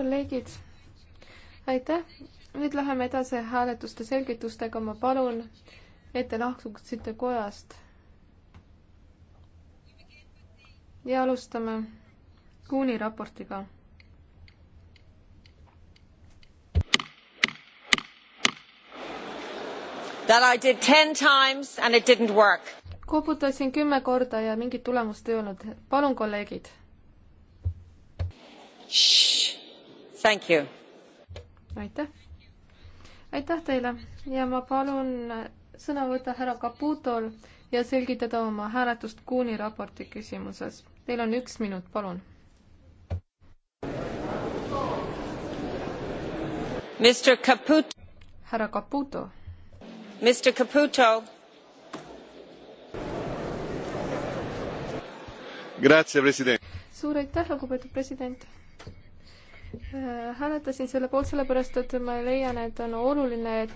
kolleegid, aitäh. nüüd läheme edasi hääletuste selgitustega, ma palun, et te lahkuksite kojast. ja alustame Kuuni raportiga that I did ten times and it didn't work. koputasin kümme korda ja mingit tulemust ei olnud. palun, kolleegid aitäh, aitäh teile ja ma palun sõna võtta härra Caputol ja selgitada oma hääletust Kuuni raporti küsimuses. Teil on üks minut, palun. härra Caputo. Mr Caputo. suur aitäh, lugupeetud president Äh, hääletasin selle poolt sellepärast, et ma leian, et on oluline, et